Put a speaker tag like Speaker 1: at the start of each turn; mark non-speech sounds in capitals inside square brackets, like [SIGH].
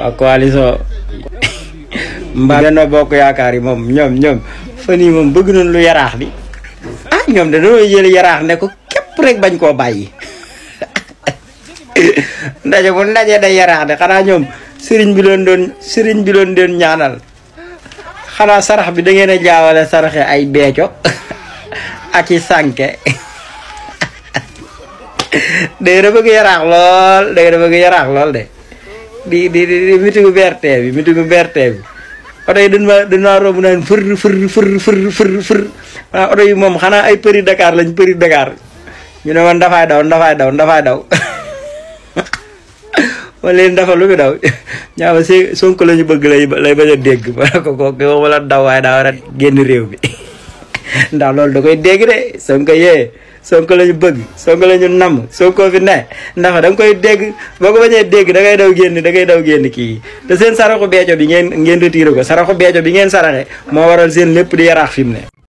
Speaker 1: waa coalition mbaa benn bokk yaakaar yi moom ñom ñoom fan bëgg nañ lu yaraax bi ah da iya, do jël yaraax ne ko kep rek bañ ko bayyi [LAUGHS] ndaje bu ndaje da yaraax de xana ñom serigne bi doon doon serigne bi doon den ñaanal xana sarax bi da ngeen jaawale saraxe ay beeco ak i da bëgg da ngeen bëgg de di di di mitigu BRT bi mitigu BRT bi oto yi dañ maa dañ maa romb naan fër fër fër fër fër fër maanaam oto yi moom xanaa ay përi Dakar lañ përi Dakar ñu ne man dafay daw dafay daw dafay daw ma [LAUGHS] leen dafa lu fi daw ñaama si Sonko la ñu bëgg lay lay bañ a dégg ma ne ko kooku moom la daw waaye daa war a génn réew bi [LAUGHS] ndax loolu da koy dégg de Sonko yee Sonko la ñu bëgg Sonko la ñu namm Sonko fi ne ndax da nga koy dégg boo ko bañee dégg da ngay daw génn da ngay daw génn kii te seen saraxu beeco bi ngeen ngeen retiré ko saraxu beeco bi ngeen saraxe moo waral seen lépp di yaraax fi mu ne